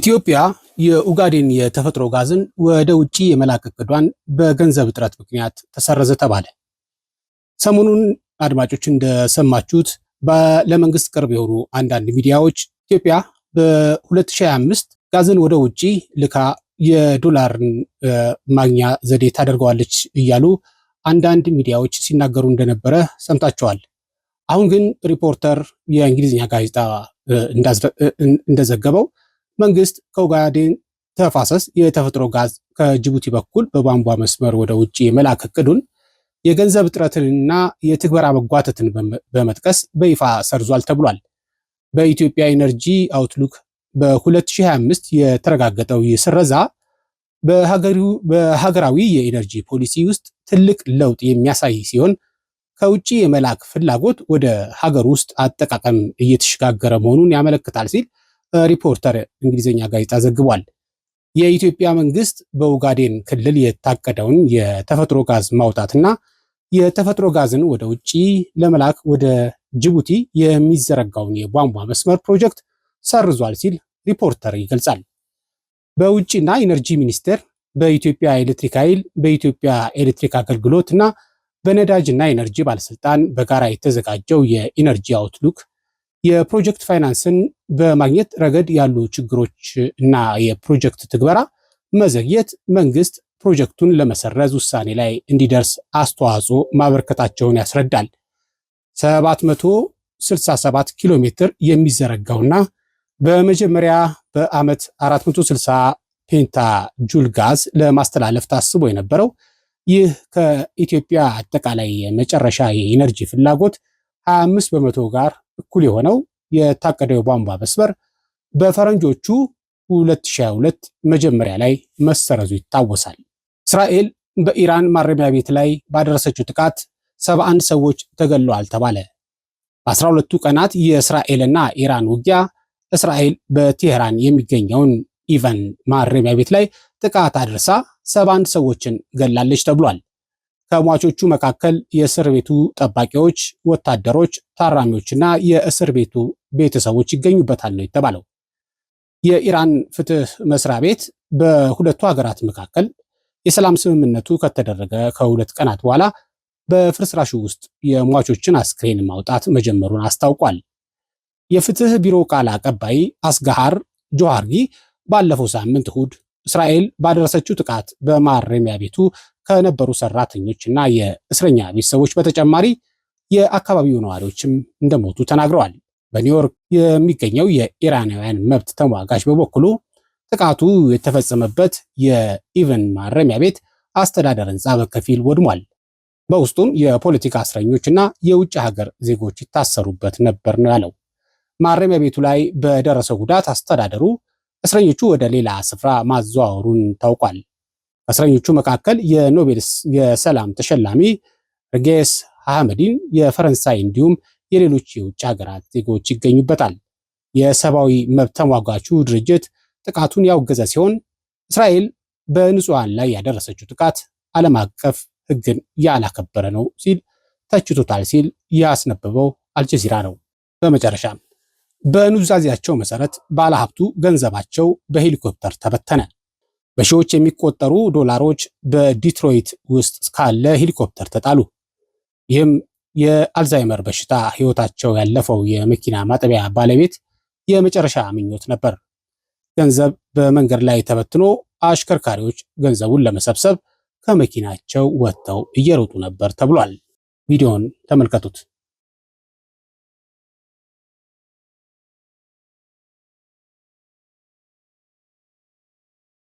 ኢትዮጵያ የኡጋዴን የተፈጥሮ ጋዝን ወደ ውጭ የመላክ እቅዷን በገንዘብ እጥረት ምክንያት ተሰረዘ ተባለ። ሰሞኑን አድማጮች እንደሰማችሁት ለመንግስት ቅርብ የሆኑ አንዳንድ ሚዲያዎች ኢትዮጵያ በ2025 ጋዝን ወደ ውጭ ልካ የዶላርን ማግኛ ዘዴ ታደርገዋለች እያሉ አንዳንድ ሚዲያዎች ሲናገሩ እንደነበረ ሰምታችኋል። አሁን ግን ሪፖርተር የእንግሊዝኛ ጋዜጣ እንደዘገበው መንግስት ከኦጋዴን ተፋሰስ የተፈጥሮ ጋዝ ከጅቡቲ በኩል በቧንቧ መስመር ወደ ውጭ የመላክ እቅዱን የገንዘብ እጥረትንና የትግበራ መጓተትን በመጥቀስ በይፋ ሰርዟል ተብሏል። በኢትዮጵያ ኢነርጂ አውትሉክ በ2025 የተረጋገጠው ይህ ስረዛ በሀገራዊ የኢነርጂ ፖሊሲ ውስጥ ትልቅ ለውጥ የሚያሳይ ሲሆን ከውጭ የመላክ ፍላጎት ወደ ሀገር ውስጥ አጠቃቀም እየተሸጋገረ መሆኑን ያመለክታል ሲል ሪፖርተር እንግሊዝኛ ጋዜጣ ዘግቧል። የኢትዮጵያ መንግስት በኡጋዴን ክልል የታቀደውን የተፈጥሮ ጋዝ ማውጣትና የተፈጥሮ ጋዝን ወደ ውጭ ለመላክ ወደ ጅቡቲ የሚዘረጋውን የቧንቧ መስመር ፕሮጀክት ሰርዟል ሲል ሪፖርተር ይገልጻል። በውጭና ኢነርጂ ሚኒስቴር በኢትዮጵያ ኤሌክትሪክ ኃይል፣ በኢትዮጵያ ኤሌክትሪክ አገልግሎት እና በነዳጅና ኤነርጂ ባለስልጣን በጋራ የተዘጋጀው የኢነርጂ አውትሉክ የፕሮጀክት ፋይናንስን በማግኘት ረገድ ያሉ ችግሮች እና የፕሮጀክት ትግበራ መዘግየት መንግስት ፕሮጀክቱን ለመሰረዝ ውሳኔ ላይ እንዲደርስ አስተዋጽኦ ማበርከታቸውን ያስረዳል። 767 ኪሎ ሜትር የሚዘረጋውና በመጀመሪያ በዓመት 460 ፔንታ ጁል ጋዝ ለማስተላለፍ ታስቦ የነበረው ይህ ከኢትዮጵያ አጠቃላይ የመጨረሻ የኢነርጂ ፍላጎት 25 በመቶ ጋር እኩል የሆነው የታቀደው የቧንቧ መስመር በፈረንጆቹ 2022 መጀመሪያ ላይ መሰረዙ ይታወሳል። እስራኤል በኢራን ማረሚያ ቤት ላይ ባደረሰችው ጥቃት 71 ሰዎች ተገለዋል ተባለ። በ12ቱ ቀናት የእስራኤልና ኢራን ውጊያ እስራኤል በቴህራን የሚገኘውን ኢቫን ማረሚያ ቤት ላይ ጥቃት አድርሳ 71 ሰዎችን ገላለች ተብሏል። ከሟቾቹ መካከል የእስር ቤቱ ጠባቂዎች፣ ወታደሮች፣ ታራሚዎችና የእስር ቤቱ ቤተሰቦች ይገኙበታል ነው የተባለው። የኢራን ፍትህ መስሪያ ቤት በሁለቱ ሀገራት መካከል የሰላም ስምምነቱ ከተደረገ ከሁለት ቀናት በኋላ በፍርስራሹ ውስጥ የሟቾችን አስክሬን ማውጣት መጀመሩን አስታውቋል። የፍትህ ቢሮ ቃል አቀባይ አስጋሃር ጆሃርጊ ባለፈው ሳምንት እሁድ እስራኤል ባደረሰችው ጥቃት በማረሚያ ቤቱ ከነበሩ ሰራተኞች እና የእስረኛ ቤተሰቦች በተጨማሪ የአካባቢው ነዋሪዎችም እንደሞቱ ተናግረዋል። በኒውዮርክ የሚገኘው የኢራናውያን መብት ተሟጋች በበኩሉ ጥቃቱ የተፈጸመበት የኢቨን ማረሚያ ቤት አስተዳደር ህንፃ በከፊል ወድሟል፣ በውስጡም የፖለቲካ እስረኞች እና የውጭ ሀገር ዜጎች ይታሰሩበት ነበር ነው ያለው። ማረሚያ ቤቱ ላይ በደረሰው ጉዳት አስተዳደሩ እስረኞቹ ወደ ሌላ ስፍራ ማዘዋወሩን ታውቋል። ከእስረኞቹ መካከል የኖቤል የሰላም ተሸላሚ ርጌስ አህመዲን፣ የፈረንሳይ እንዲሁም የሌሎች የውጭ ሀገራት ዜጎች ይገኙበታል። የሰብአዊ መብት ተሟጋቹ ድርጅት ጥቃቱን ያወገዘ ሲሆን እስራኤል በንጹሐን ላይ ያደረሰችው ጥቃት ዓለም አቀፍ ሕግን ያላከበረ ነው ሲል ተችቶታል ሲል ያስነበበው አልጀዚራ ነው። በመጨረሻም በኑዛዜያቸው መሰረት ባለሀብቱ ገንዘባቸው በሄሊኮፕተር ተበተነ። በሺዎች የሚቆጠሩ ዶላሮች በዲትሮይት ውስጥ ካለ ሄሊኮፕተር ተጣሉ። ይህም የአልዛይመር በሽታ ህይወታቸው ያለፈው የመኪና ማጠቢያ ባለቤት የመጨረሻ ምኞት ነበር። ገንዘብ በመንገድ ላይ ተበትኖ አሽከርካሪዎች ገንዘቡን ለመሰብሰብ ከመኪናቸው ወጥተው እየሮጡ ነበር ተብሏል። ቪዲዮን ተመልከቱት።